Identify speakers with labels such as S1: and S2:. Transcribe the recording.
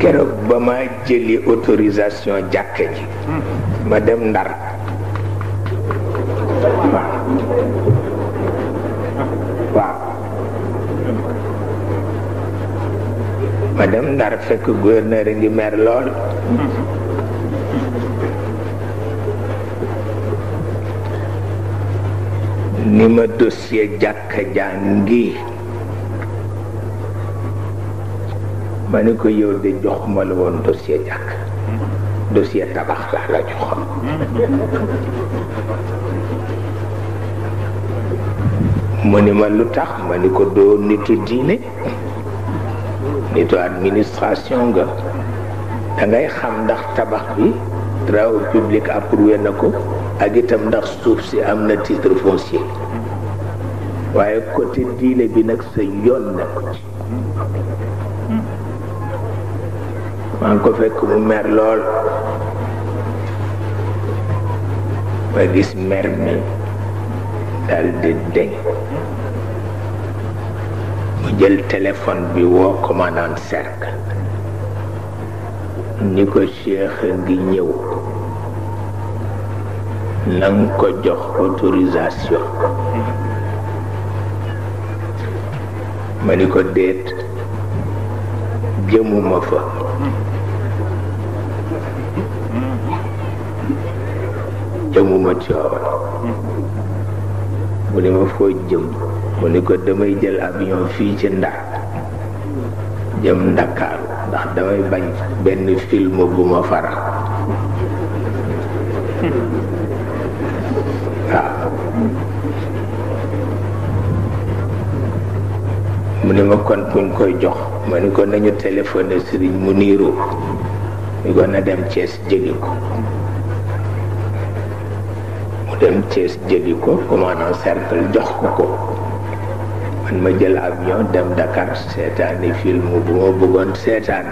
S1: keroog ba ma jëli autorisation jàkka ji ma dem ndar waaw ma dem ndar fekk gouverneur ngi mer lool ni ma dossier jàkka jaa ngi ma ne ko yow de jox la woon dossier jàkk hmm. dossier tabax laa la joxoon mu ni ma lu tax ma ni ko doo nitu diine nitu administration nga da xam ndax tabax bi travaux publics approuvé na ko ak itam ndax suuf si am na titre foncier hmm. waaye côté diine bi nag sa yoon na ci hmm. maa ngi ko fekk mu mer lool ba gis mer mi dal di mu jël téléphone bi woo commandant cercle ni ko Cheikh ngi ñëw na ko jox autorisation ma ni ko déet jëmuma fa demuma Tiwaawan mu ni ma foo jëm mu ni ko damay jël avion fii ci ndax jëm Ndakaaru ndax damay bañ benn film bu ma fara waaw mu ni ma kon kuñ koy jox ma ni ko nañu téléphoné Sëriñ Muniiru ni ko na dem Cees jege ko dem Thiès jëli ko commandant cercle jox ko ko man ma jël avion dem Dakar seetaani film bu ma bëggoon seetaan